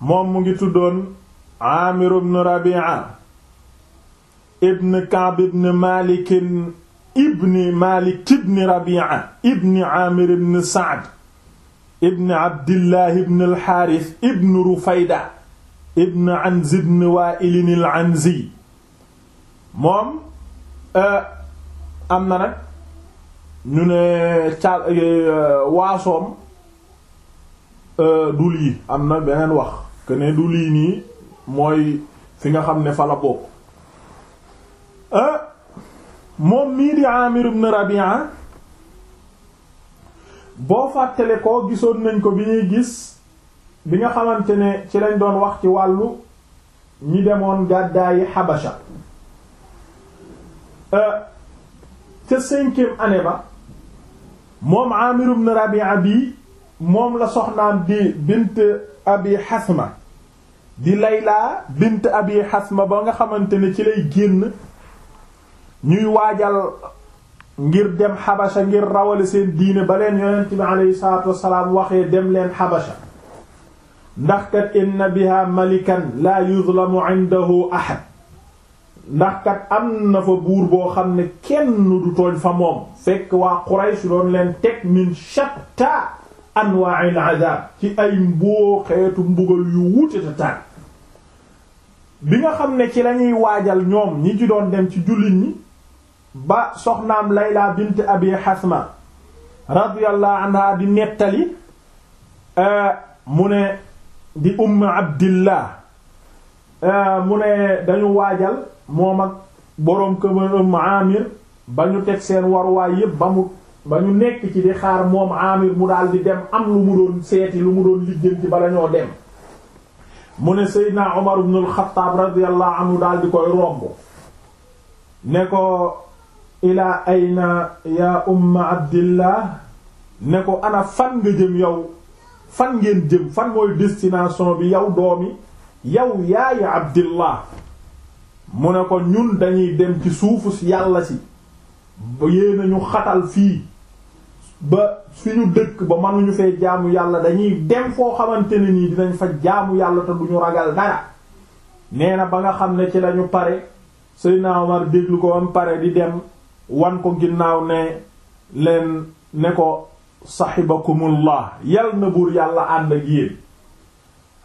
moom mu ngi tuddoon Aamir ibn Rabi'a ibn Ka'b ibn Malik ibn Malik ibn Rabi'a ibn ibn Sa'd ibn Abdillah ibn al ibn Rufayda ibn Anz ibn Wa'il al-Anzi moom euh, am na nag ñu ne ca euh, euh, dul yi am na beneen wax que ne du lii nii mooy fi nga xam ne fa la bokk ah, moom mii di Amir ibn Rabi'a boo fàttale ko gisoon nañ ko bi ñuy gis bi nga xamante ne ci lañ doon wax ci wàllu ñi demoon gàddaayi Habasha ah, ca cinquième année ba moom Amir ibn Rabi'a bi moom la soxnaam di bint Abi Hasma di Layla bint Abi Hasma ba nga xamante ni ci lay génn ñuy waajal ngir dem xabasa ngir rawale seen diine ba leen yonent bi aleyhi wassalaam waxee dem leen Xabasha ndax kat inna biha malikan laa yuzlamu indahu ahad ndax kat am na fa buur boo xam ne kenn du tooñ fa moom fekk waa Quraysh doon leen teg min shatta anwa'il azab ci ay mboo xeetu mbugal yu wuute ta bi nga xam ne ci lañuy waajal ñoom ñi ci doon dem ci jullit ñi ba soxnaam laa bint Abi Hasma radiyallahu anha di nettali euh, mu ne di umm abdillah euh, mu ne dañu waajal moom ak boroom kër umm Amir ba ñu teg seen waruwaay yépp ba mu ba ñu nekk ci di xaar moom Amir mu daal di dem am lu mu doon seeti lu mu doon lijjanti bala ñoo dem mu ne Seydina Omar ibn al-Khattab radiyallahu anhu daal di koy romb ne ko ilaa ayna yaa umma abdillah ne ko ana fan nga jëm yow fan ngeen jëm fan mooy destination bi yow doomi yow yaayi abdillah mu ne ko ñun dañuy dem ci suufu yàlla si yéena ñu xatal fii ba fi ñu dëkk ba mënuñu fee jaamu yàlla dañuy dem foo xamante ni nii dinañ fa jaamu yàlla te duñu ragal dara nee na ba nga xam ne ci lañu pare Seydina Omar déglu ko am pare di dem wan ko ginnaaw ne leen ne ko saxibakumullah yal na buur yàlla ànd ak yéen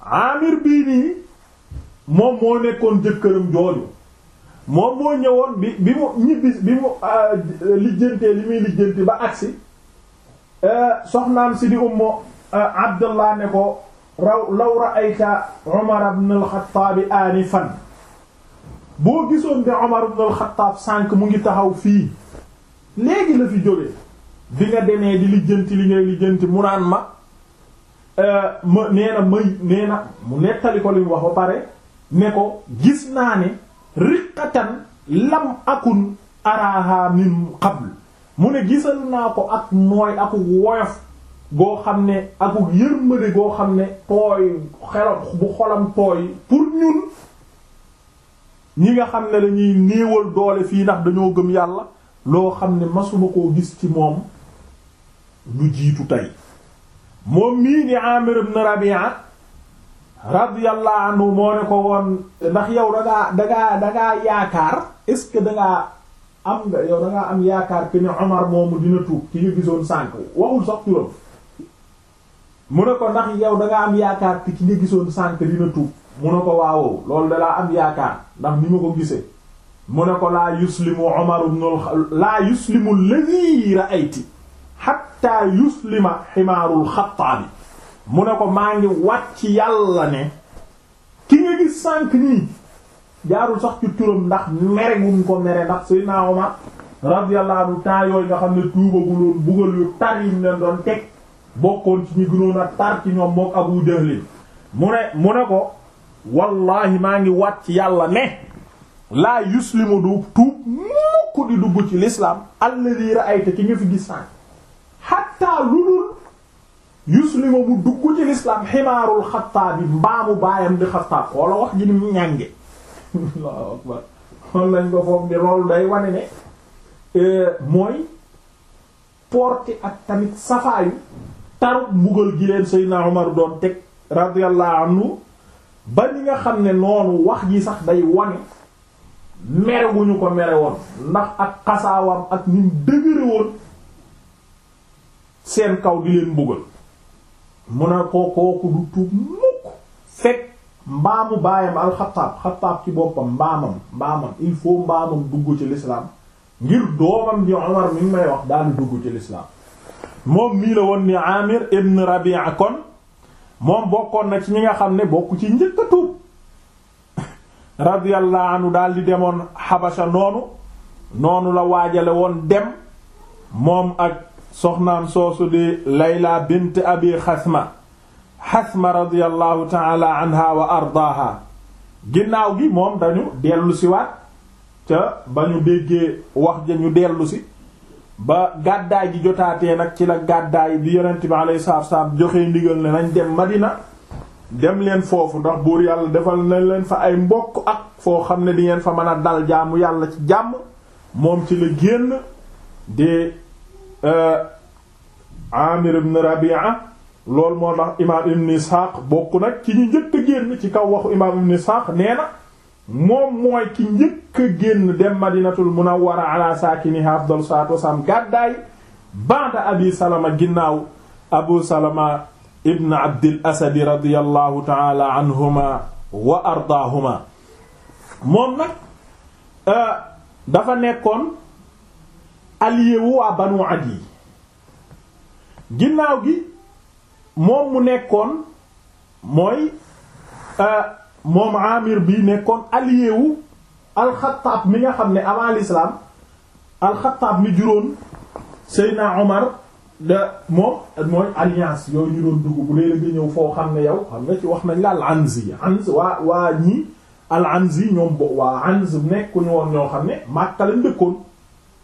amir bii nii moom moo nekkoon jëkkëram jooju moom moo ñëwoon bi bi mu ñibbis bi mu euh, lijjantee li muy lijjanti ba agsi Euh, soxnaam si di ummu euh, abdullah ne ko raw law ra'ayta umar ibn al-Khattab anifan boo gisoon bi umar ibn al-Khattab sànq mu ngi taxaw fii léegi la fi jógee bi nga demee di lijjanti li ngay lijjanti mu naan ma euh, ma nee na mu nettali ko li mu wax ba pare ne ko gis naa ne riqatan lam akun araha min qabl mu ne gisal naa ko ak nooy aku woyof goo xam ne aku yërmande goo xam ne tooy xelam bu xolam tooy pour ñun ñi nga xam ne dañuy néewal doole fii ndax dañoo gëm yàlla loo xam ne masuma koo gis ci moom lu jiitu tey moom mii di Amir ibn Rabi'a radiyallahu anhu moo ne ko woon ndax yow dangaa dangaa dangaa yaakaar est dangaa am nga yow da am yaakaar que ne Omar moomu dina tuub ci ñu gisoon sànq waxul sax turam mu ne ko ndax yow da am yaakaar te ci nga gisoon sànq dina tuub mu ne ko waawoo loolu dalaa am yaakaar ndax ni ma ko gisee mu ne ko laa yuslimu Omar ibn laa yuslimu ay ra'ayti hatta yuslima ximaarul xattaabi mu ne ko maa ngi wàcc yàlla ne ki nga gis sànq nii jaarul sax ci turam ndax mere gum ko mere ndax Seydina Omar radiyallahu anhu temps yooyu xam ne tuubaguloon buggal yu tar yi ñu leen doon teg bokkoon ci ñu gënoon a tar ci ñoom mook Abu Jahl mu ne mu ne ko wallahi maa ngi wat ci yàlla ne laa yuslimu du tuub mukk di dugg ci l'islam alladhi ra'ayta ci nga fi gis sànq hatta lulul yuslimu mu dugg ci l'islam ximaarul xataabi mbaamu baayam di xataab xoola wax ji ni ñànge Allahu akbar loolu lañ ko foog ni loolu day wane ne e, mooy porte ak tamit safaayu tarut mbugal gi leen Seydina Umar doon teg radiyallahu anhu ba ni nga xam ne noonu wax ji sax day wane mere gu ñu ko mere woon ndax ak xasaawam ak ni dëgëre woon seen kaw di leen mbugal mun a ko kooku du tuub mbaamu baayam alxataab xataab ci boppam mbaamam mbaamam il faut mbaamam dugg ci l'islam ngir doomam di Umar mi may wax daal dugg ci l'islam moom mii la woon ni Amir ibn Rabi'a kon moom bokkoon na ci ñi nga xam ne bokk ci njëkk radiyallahu anhu daal di demoon Habasha noonu noonu la waajale woon dem moom ak soxnaam soosu di Layla bint Abi Xasma xasma radiyallahu taala anha wa ardaaha ginnaaw gi moom dañu dellusi si ca ba ñu déggee wax ja ñu dellu ba gàddaay ji jotaatee nag ci la gàddaay bi yonent bi alayhi salaatu wassalaam joxe ndigal ne nañ dem Madina dem leen foofu ndax buur yàlla defal na leen fa ay mbokk ak foo xam ne di ngeen fa mën a dal jaamu yàlla ci jàmm moom ci la génn de euh, Amir ibn Rabi'a lool moo tax imaam ibn Ishaq bokk nag ci ñu njëkk génn ci kaw waxu imaam ibn Ishaq nee na moom mooy ki njëkk a génn dem madinatul munawwara ala saakiniha afdal salaatu gàddaay ba'da abi salama ginnaaw abu salama ibn abdil asadi radiyallahu taala anhuma wa ardaahuma moom nag euh, dafa nekkoon allié waa banu adi ginnaaw gi moom mu nekkoon mooy euh, moom amir bi nekkoon allié wu alxataab mi nga xam ne avant l'islam alxataab mi juróon Seydina Omar da moom mooy alliance yooyu ñu doon dugg bu léeg-léeg ñëw foo xam ne yow xam nga ci wax nañ la al anzi waa waa ñii al ñoom bo waa anz nekkuñu woon ñoo xam ne Makka lañ dëkkoon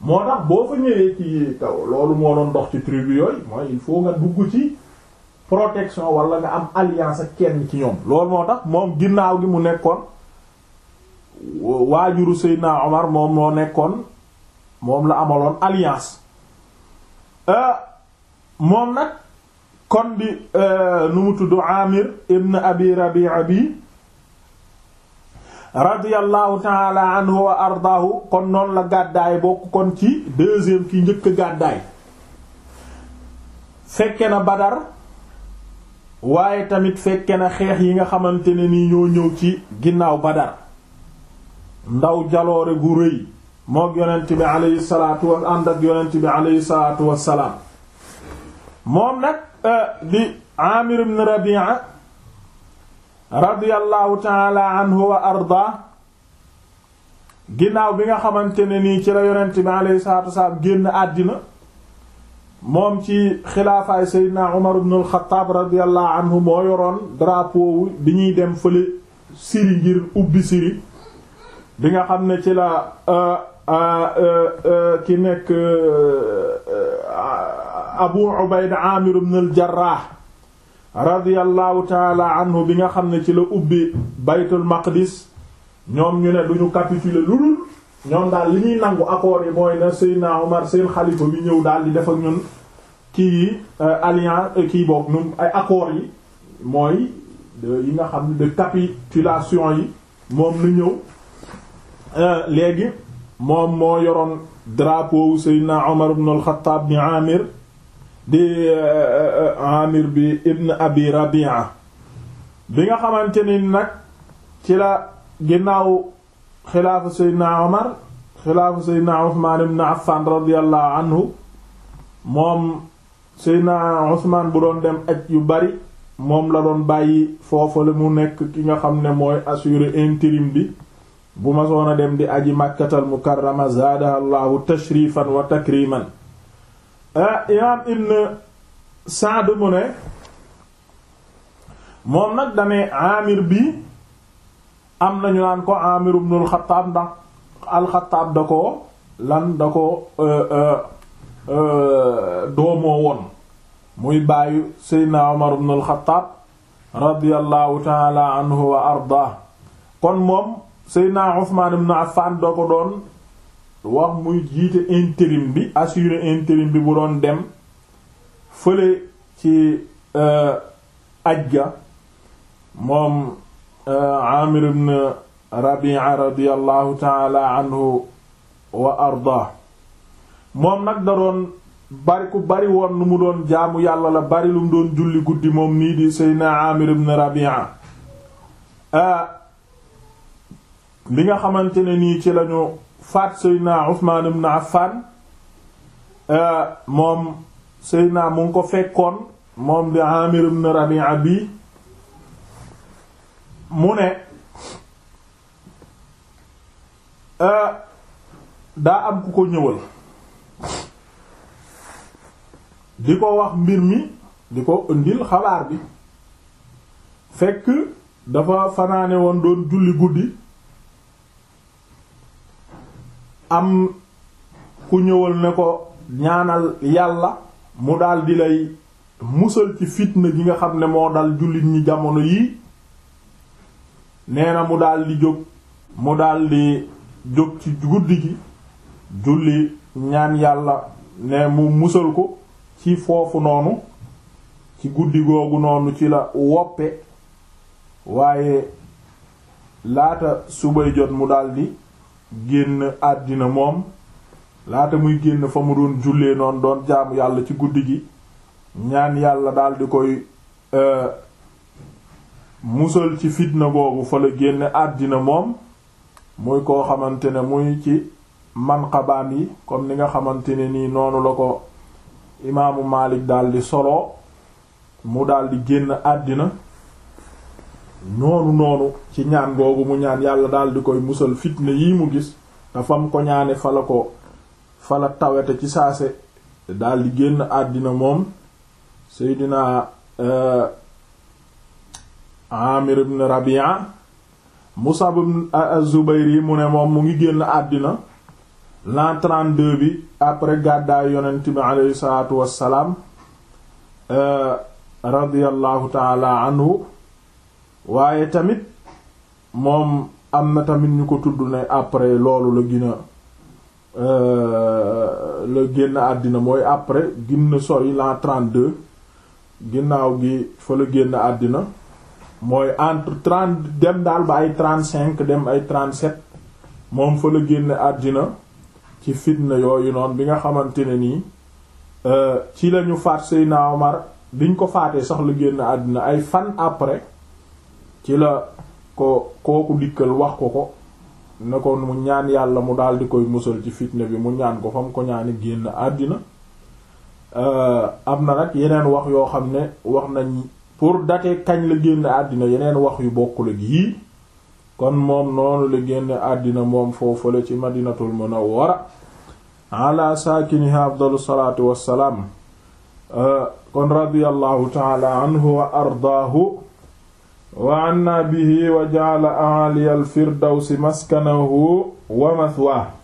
moo tax boo fa ñëwee ci kaw loolu moo doon ndox ci tribu yooyu mooy il nga dugg ci protection wala nga am alliance ak kenn ci ñoom loolu moo tax moom ginnaaw gi mu nekkoon waajuru Seydina Omar moom moo nekkoon moom la amaloon alliance euh, moom nag kon di euh, nu mu tudd Amir ibn Abi Rabi'a bi radiyallahu ta'ala anhu wa ardaahu kon noonu la gàddaay bokk kon ci deuxième ki njëkk gàddaay fekke na Badar waaye tamit fekke na xeex yi nga xamante ne ni ñoo ñëw ci ginnaaw Badar ndaw jaloore gu rëy mook yonent bi alayhi salaatu wa ànd ak yonent bi alayhi salaatu moom nag euh, di Amir ibn Rabi'a radiyallahu ta'ala anhu wa arda ginnaaw bi nga xamante ne nii ci la yonent bi alayhi salaatu wassalaam génn àddina moom ci xilaafaay Seydina Umar ibn al-Khattab radiyallahu moo yoroon drapeau bi ñuy dem fële Syrie ngir ubbi Syrie bi nga xam ne ci la euh, euh, euh, ki nekk Abu Ubayd Amir ibn al-Jarrah radiyallahu taala anhu bi nga xam ne ci la ubbi Baytul Maqdis ñoom ñu ne duñu capituler lu ñoom daal li ñuy nangu accords yi mooy na Seydina Omar seen xalifa bi ñëw daal di def ñun kii euh, alliance euh, kii boobu ñun ay accords yi mooy yi nga xam ne de capitulation yi moom lu ñëw euh, léegi moom moo yoroon drapeau Seydina Omar ibn al-Khattab ni Amir di Amir bi ibn Abi Rabi'a bi nga xamante ni nag ci la ginnaaw xilaafa seydna omar xilaafa seydna uthman ibn affan radiallahu anhu moom seydna uthman bu doon dem aj yu bari moom la doon bàyyi foofale mu nekk ki nga xam ne mooy assurer intérim bi bu ma soon a dem di aji màkkatal mukarrama zaadaha llahu tashrifan wa takriman ah, imaam ibn saad mu ne moom nag dane amir bi am nañu naan ko Amir ibn al ndax al da ko lan da ko euh, euh, euh, doomoo woon muy bàyyu Seydina Omar ibn al-Khattab radiyallahu taala anhu wa arda kon moom Seydina Ousmane ibn Affan da ko doon wax muy jiite intérim bi assurer intérim bi bu doon dem fële ci ajja moom Aamir euh, ibn moom nag da doon bari ku bari woon nu mu doon jaamu yàlla la bari lu mu doon julli guddi moom nii di Seydina Aamir ibn Rabi'a euh, li nga xamante ne nii ci lañu faat Seydina Usmaan ibn Affan euh, moom Seydina mu ngi ko fekkoon moom di Aamir ibn Rabi'a bi mu ne ah, daa am ku ko ñëwal di ko wax mbir mi di ko indil xabaar bi fekk dafa fanaane woon doon julli guddi am ku ñëwal ne ko ñaanal yàlla mu dal di lay musal ci fitna gi nga xam ne moo dal jullit ñi jamono yii nee mu daldi jóg mu daldi jóg ci guddi gi julli ñaan yàlla ne mu musal ko ci foofu noonu ci guddi googu noonu ci la woppe waaye laata subay jot mu daldi génn àddina moom laata muy génn fa mu doon jullee noon doon jaamu yàlla ci guddi gi ñaan yàlla daldi koy euh, musal ci fitna googu fa la génne àddina moom muy koo xamante ne muy ci manqabaan yi kon ni nga xamante ne nii noonu la ko imaamu Maalik daldi solo mu daldi génn àddina noonu noonu ci ñaan googu mu ñaan yàlla daldi koy musal fitna yi mu gis te fam ko ñaane fa la ko fa la tawete ci saase daldi génn àddina moom Seydina euh, amir ibn rabia musab ibn az-zubayr yi mu ne moom mu ngi génn àddina l'an 32 bi après gàddaay yonent bi aleyhi salaatu wassalaam euh, radiyallahu taala anhu waaye tamit moom am na tamit ñu ko tudd ne après loolu la gina euh, la génn àddina mooy après ginn sori l'an 32 ginnaaw gi fa la génn àddina mooy entre trente dem daal ba ay trente-cinq dem ay trente-sept moom fa la génne àddina ci fitna yooyu noonu bi nga xamante ne nii euh, ci lañu faat Seydina Omar biñ ko faatee sax la génn àddina ay fan après ci la ko kooku dikkal wax ko ko ne ko mu ñaan yàlla mu daal di koy musal ci fitne bi mu ñaan ko fa mu ko ñaani génn àddina euh, am na rek yeneen wax yoo xam ne wax nañ pour date kañ la génn àddina yeneen wax yu bokkul ak yii kon moom noonu la génn àddina moom foofu la ci madinatul munawwara ala saakiniha afdalu salaatu wassalaam euh, kon radiyallahu taala anhu wa ardaahu wa anna bihi wa ja'ala a'ali al maskanahu wa mathwaahu